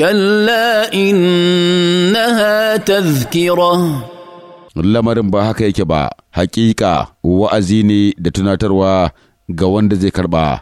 كلا إنها تذكرة lamarin ba haka yake ba hakika wa'azi ne da tunatarwa ga wanda zai karba